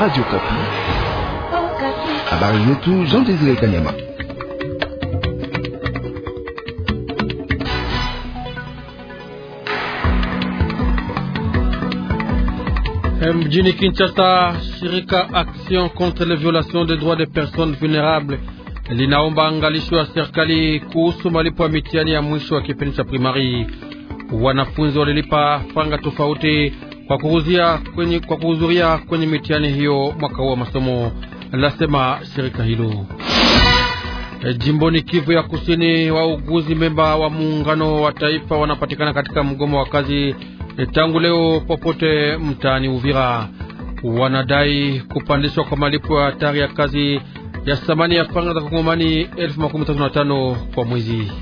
Radio Kapi. Habari zetu Jean Désiré Kanyama. Mjini Kinshasa, shirika Action contre les violations des droits des personnes vulnérables linaomba angalisho ya serikali kuhusu malipo ya mitihani ya mwisho ya kipindi cha primari. Wanafunzi walilipa fanga tofauti kwa kuhudhuria kwenye, kwa kwenye mitihani hiyo mwaka wa masomo, lasema shirika hilo. E, jimboni Kivu ya Kusini, wauguzi memba wa muungano wa taifa wanapatikana katika mgomo wa kazi e, tangu leo popote mtaani Uvira. Wanadai kupandishwa kwa malipo ya hatari ya kazi ya thamani ya franga za Kongomani elfu makumi tatu na tano kwa mwezi.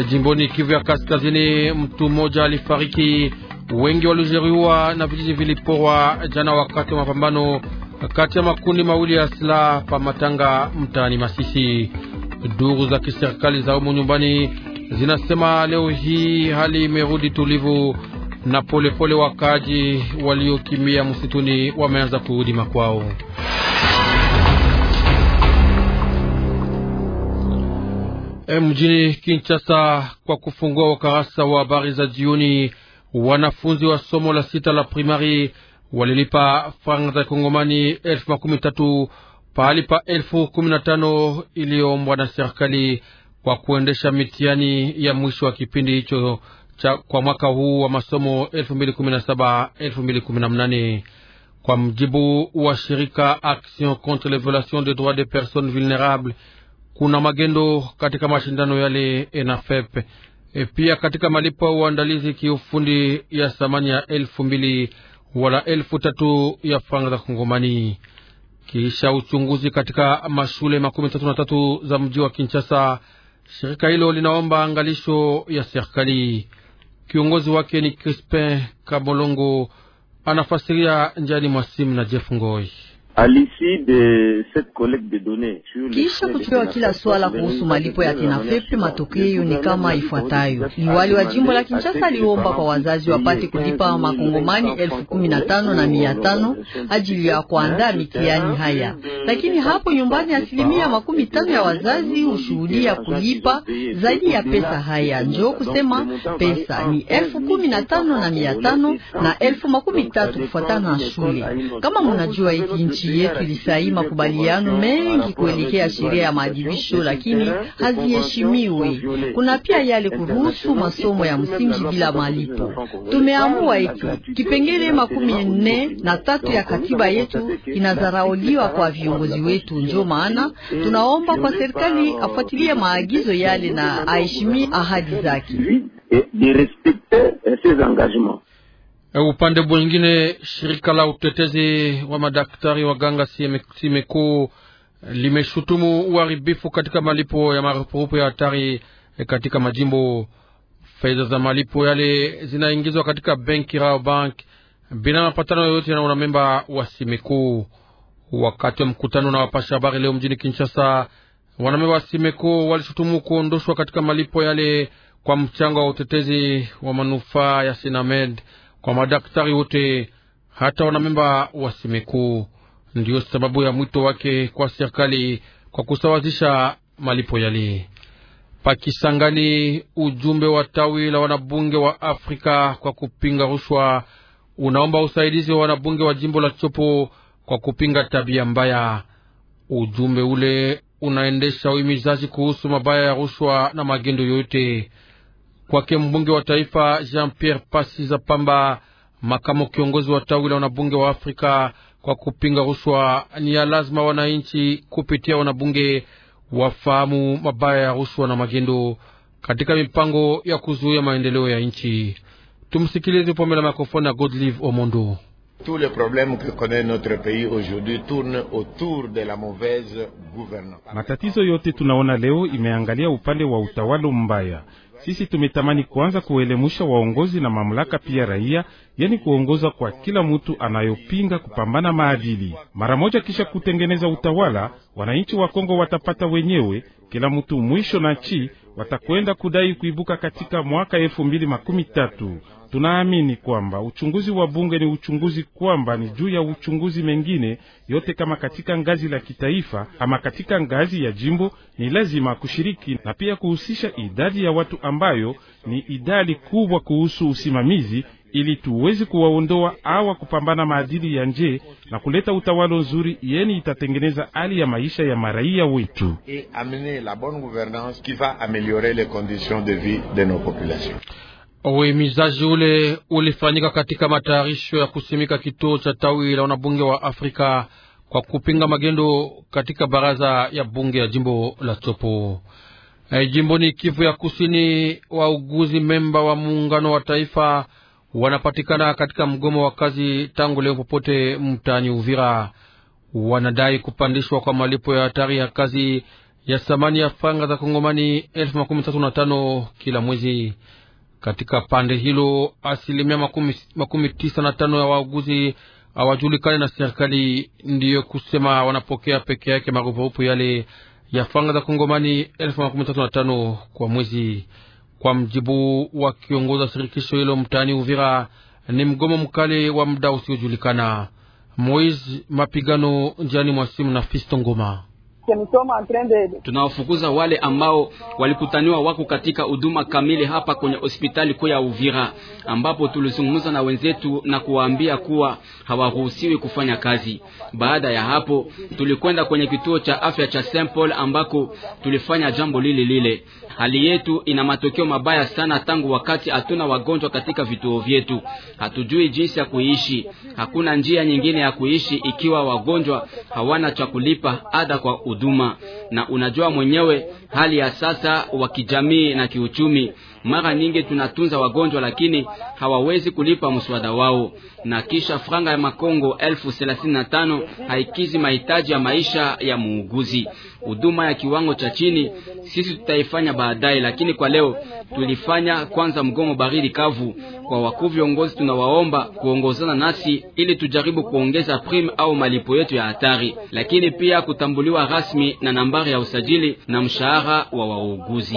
E, jimboni Kivu ya Kaskazini, mtu mmoja alifariki Wengi walijeruhiwa na vijiji viliporwa jana wakati wa mapambano kati ya makundi mawili ya silaha pa Matanga mtaani Masisi. Duru za kiserikali za umu nyumbani zinasema leo hii hali imerudi tulivu na polepole, wakaji waliokimbia msituni wameanza kurudi makwao. Eh, mjini Kinshasa, kwa kufungua ukarasa wa habari za jioni wanafunzi wa somo la sita la primari walilipa faranga za kongomani elfu makumi tatu pahali pa elfu kumi na tano iliyoombwa na serikali kwa kuendesha mitihani ya mwisho wa kipindi hicho cha kwa mwaka huu wa masomo na mnane Kwa mjibu wa shirika Action contre les violations des droits des personnes vulnérables, kuna magendo katika mashindano yale ENAFEP E, pia katika malipo ya uandalizi kiufundi ya thamani ya elfu mbili wala elfu tatu ya franga za Kongomani. Kisha uchunguzi katika mashule makumi tatu na tatu za mji wa Kinshasa, shirika hilo linaomba angalisho ya serikali. Kiongozi wake ni Crispin Kabolongo, anafasiria Njani Mwasimu na Jeff Ngoi. Kisha kuchwewa kila swala kuhusu malipo ya tenapepe, matokeo ni kama ifuatayo. Liwali wa jimbo la Kinshasa aliomba kwa wazazi wapate kulipa makongomani elfu kumi na tano na mia tano ajili ya kuandaa mitihani haya, lakini hapo nyumbani asilimia makumi tano ya wazazi hushuhudia kulipa zaidi ya pesa haya. Njo kusema pesa ni elfu kumi na tano na mia tano na elfu makumi tatu kufuatana na shule. Kama munajua hiki nchi nchi yetu ilisaini makubaliano mengi kuelekea sheria ya maadhibisho, lakini haziheshimiwi. Kuna pia yale kuruhusu masomo ya msingi bila malipo. Tumeamua eti kipengele makumi nne na tatu ya katiba yetu inazarauliwa kwa viongozi wetu. njo maana tunaomba kwa serikali afuatilie maagizo yale na aheshimie ahadi zake. E, upande mwingine, shirika la utetezi wa madaktari wa ganga Simeko eh, limeshutumu uharibifu katika malipo ya marupurupu ya hatari eh, katika majimbo. Faida za malipo yale zinaingizwa katika benki Rao Bank bila mapatano yoyote na wanamemba wa Simeko. Wakati wa mkutano na wapasha habari leo mjini Kinshasa, wanamemba wa Simeko walishutumu kuondoshwa katika malipo yale kwa mchango wa utetezi wa manufaa ya Sinamed kwa madaktari wote, hata wanamemba wa simeku Ndiyo sababu ya mwito wake kwa serikali kwa kusawazisha malipo yale. Pakisangani, ujumbe wa tawi la wanabunge wa Afrika kwa kupinga rushwa unaomba usaidizi wa wanabunge wa jimbo la Chopo kwa kupinga tabia mbaya. Ujumbe ule unaendesha uimizaji kuhusu mabaya ya rushwa na magendo yoyote kwake mbunge wa taifa Jean Pierre za Pamba, makamo kiongozi wa tawi la wanabunge wa Afrika kwa kupinga rushwa, ni ya lazima wananchi kupitia wanabunge wafahamu mabaya ya rushwa na magendo katika mipango ya kuzuia maendeleo ya nchi. Tumsikilize pombe la mikrofoni ya Godlive Omondo. Matatizo yote tunaona leo imeangalia upande wa utawala mbaya. Sisi tumetamani kuanza kuelemusha waongozi na mamlaka pia raia, yani kuongoza kwa kila mtu anayopinga kupambana maadili. Mara moja kisha kutengeneza utawala, wananchi wa Kongo watapata wenyewe, kila mtu mwisho na chi watakwenda kudai kuibuka katika mwaka elfu mbili makumi tatu. Tunaamini kwamba uchunguzi wa bunge ni uchunguzi kwamba ni juu ya uchunguzi mengine yote, kama katika ngazi la kitaifa ama katika ngazi ya jimbo, ni lazima kushiriki na pia kuhusisha idadi ya watu ambayo ni idadi kubwa kuhusu usimamizi ili tuwezi kuwaondoa awa kupambana maadili ya nje na kuleta utawala nzuri yeni itatengeneza hali ya maisha ya maraia wetu. Uhimizaji ule ulifanyika katika matayarisho ya kusimika kituo cha tawi la wanabunge wa Afrika kwa kupinga magendo katika baraza ya bunge ya jimbo la Chopo. Hey, eh, jimboni Kivu ya Kusini, wauguzi memba wa muungano wa taifa wanapatikana katika mgomo wa kazi tangu leo popote mtaani Uvira. Wanadai kupandishwa kwa malipo ya hatari ya kazi ya thamani ya franga za Kongomani elfu makumi tatu na tano kila mwezi. Katika pande hilo asilimia makumi, makumi tisa na tano ya wauguzi hawajulikani na serikali, ndiyo kusema wanapokea peke yake marupurupu yale ya franga za Kongomani elfu makumi tatu na tano kwa mwezi. Kwa mjibu wa kiongoza shirikisho hilo mtaani Uvira, ni mgomo mkali wa muda usiojulikana. Moise mapigano njiani mwa simu na Fisto Ngoma tunawafukuza wale ambao walikutaniwa wako katika huduma kamili hapa kwenye hospitali kuu ya Uvira, ambapo tulizungumza na wenzetu na kuwaambia kuwa hawaruhusiwi kufanya kazi. Baada ya hapo, tulikwenda kwenye kituo cha afya cha Saint Paul ambako tulifanya jambo lile lile. Hali yetu ina matokeo mabaya sana tangu wakati hatuna wagonjwa katika vituo vyetu. Hatujui jinsi ya kuishi, hakuna njia nyingine ya kuishi ikiwa wagonjwa hawana cha kulipa ada kwa huduma, na unajua mwenyewe hali ya sasa wa kijamii na kiuchumi. Mara nyingi tunatunza wagonjwa, lakini hawawezi kulipa mswada wao, na kisha franga ya makongo elfu thelathini na tano haikizi mahitaji ya maisha ya muuguzi. Huduma ya kiwango cha chini sisi tutaifanya baadaye, lakini kwa leo tulifanya kwanza mgomo baridi kavu kwa wakuu viongozi, tunawaomba kuongozana nasi ili tujaribu kuongeza prime au malipo yetu ya hatari, lakini pia kutambuliwa rasmi na nambari ya usajili na mshahara wa wauguzi.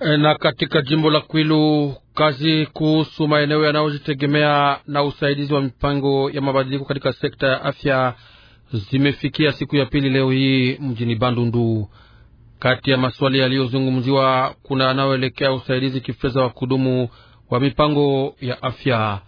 Eh, na katika jimbo la Kwilu, kazi kuhusu maeneo yanayojitegemea na usaidizi wa mipango ya mabadiliko katika sekta ya afya zimefikia siku ya pili leo hii mjini Bandundu. Kati ya maswali yaliyozungumziwa kuna yanayoelekea usaidizi kifedha wa kudumu wa mipango ya afya.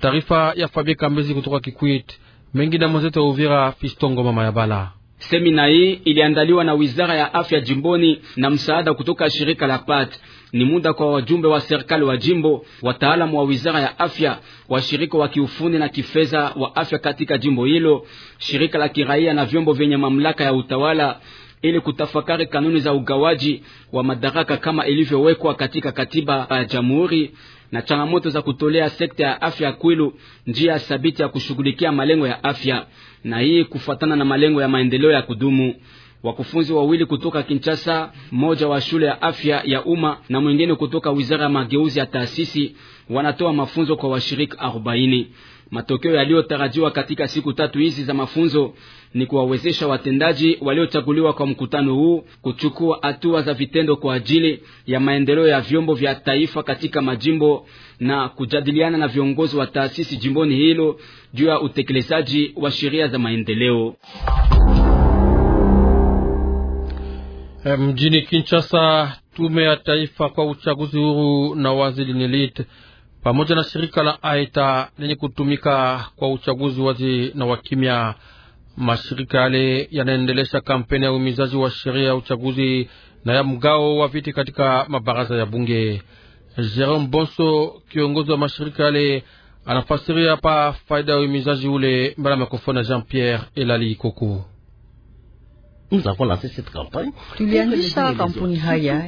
Taarifa ya Fabie Kambezi kutoka Kikwit mengi na mwenzetu wa Uvira, Fistongo mama ya Bala. Semina hii iliandaliwa na wizara ya afya jimboni na msaada kutoka shirika la PAT. Ni muda kwa wajumbe wa serikali wa jimbo, wataalamu wa wizara ya afya, washirika wa kiufundi na kifedha wa afya katika jimbo hilo, shirika la kiraia na vyombo vyenye mamlaka ya utawala ili kutafakari kanuni za ugawaji wa madaraka kama ilivyowekwa katika katiba ya jamhuri na changamoto za kutolea sekta ya afya Kwilu njia ya thabiti ya kushughulikia malengo ya afya, na hii kufuatana na malengo ya maendeleo ya kudumu wakufunzi wawili kutoka Kinshasa, mmoja wa shule ya afya ya umma na mwingine kutoka wizara ya mageuzi ya taasisi, wanatoa mafunzo kwa washiriki 40. Matokeo yaliyotarajiwa katika siku tatu hizi za mafunzo ni kuwawezesha watendaji waliochaguliwa kwa mkutano huu kuchukua hatua za vitendo kwa ajili ya maendeleo ya vyombo vya taifa katika majimbo na kujadiliana na viongozi wa taasisi jimboni hilo juu ya utekelezaji wa sheria za maendeleo. Eh, mjini Kinshasa, tume ya taifa kwa uchaguzi huru na wazi Linilit pamoja na shirika la Aita lenye kutumika kwa uchaguzi wazi na wakimya. Mashirika yale yanaendelesha kampeni ya umizaji wa sheria ya uchaguzi na ya mgao wa viti katika mabaraza ya bunge. Jerome Bonso, kiongozi wa mashirika yale, anafasiria hapa faida ya umizaji ule mbele ya mikrofoni ya Jean Pierre Elali Koko. Nous avons lancé cette campagne. Tulianzisha kampuni haya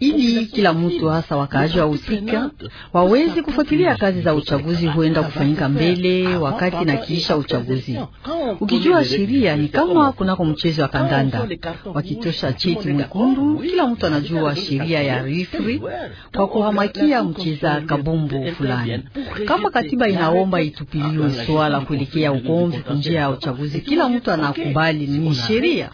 ili kila mtu hasa wakaaji wa husika waweze kufuatilia kazi za uchaguzi huenda kufanyika mbele, wakati na kiisha uchaguzi. Ukijua sheria ni kama kunako mchezo wa kandanda, wakitosha cheti mwekundu, kila mtu anajua sheria ya rifri kwa kuhamakia mcheza kabumbu fulani. Kama katiba inaomba itupiliwe swala kuelekea ugomvi njia ya uchaguzi, kila mtu anakubali ni sheria,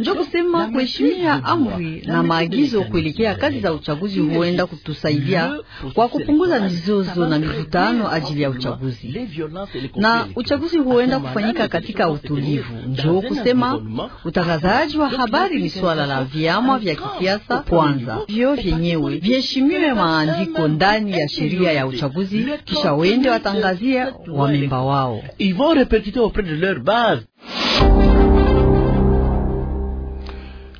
njo kusema kuheshimia amri na maagizo kuelekea kazi za uchaguzi huenda kutusaidia kwa kupunguza mizozo na mivutano ajili ya uchaguzi, na uchaguzi huenda kufanyika kufanyika katika utulivu. Njoo kusema utangazaji wa habari ni swala la vyama vya kisiasa kwanza, vyo vyenyewe vyeshimiwe maandiko ndani ya sheria ya uchaguzi, kisha wende watangazie wamemba wao.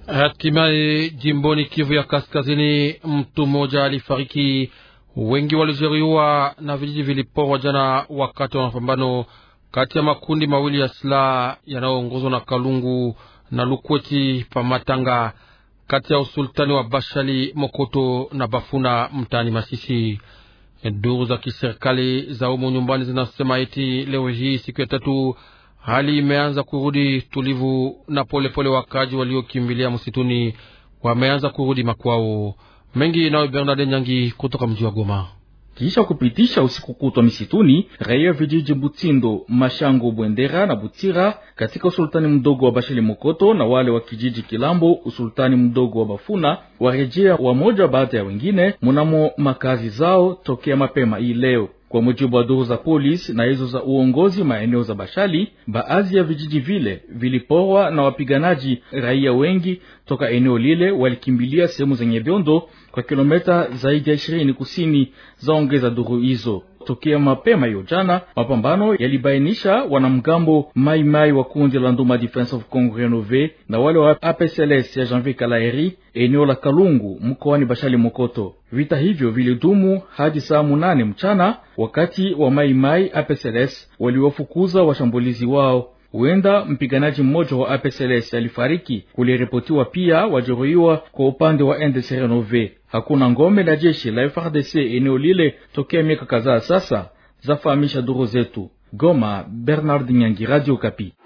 Hatimaye jimboni Kivu ya Kaskazini, mtu mmoja alifariki, wengi walijeruhiwa na vijiji viliporwa jana wakati wa mapambano kati ya makundi mawili ya silaha yanayoongozwa na Kalungu na Lukweti Pamatanga, kati ya usultani wa Bashali Mokoto na Bafuna mtaani Masisi. Duru za kiserikali za umo nyumbani zinasema eti leo hii siku ya tatu hali imeanza kurudi tulivu na polepole, wakaji waliokimbilia msituni wameanza kurudi makwao mengi. Nawe Bernard Nyangi kutoka mji wa Goma kisha kupitisha usiku kutwa misituni. Raia vijiji Butindo, Mashango, Bwendera na Butira katika usultani mdogo wa Bashili Mokoto na wale wa kijiji Kilambo, usultani mdogo wa Bafuna, warejea wamoja baada ya wengine munamo makazi zao tokea mapema hii leo. Kwa mujibu wa duru za polisi na hizo za uongozi maeneo za Bashali, baadhi ya vijiji vile viliporwa na wapiganaji. Raia wengi toka eneo lile walikimbilia sehemu zenye vyondo kwa kilometa zaidi ya ishirini kusini, zaongeza duru hizo tokea mapema hiyo jana, mapambano yalibainisha wanamgambo maimai wa kundi la Nduma Defense of Congo Renove na wale wa APCLS ya Janvier Kalaeri eneo la Kalungu mkoani Bashali Mokoto. Vita hivyo vilidumu hadi saa munane mchana, wakati wa maimai APCLS waliwafukuza washambulizi wao. Huenda mpiganaji mmoja wa APCLS alifariki, kuliripotiwa pia wajeruhiwa kwa upande wa NDC Renove hakuna ngome la jeshi la FRDC eneo lile tokea miaka kadhaa sasa, zafahamisha duru zetu. Goma, Bernard Nyangi, Radio Kapi.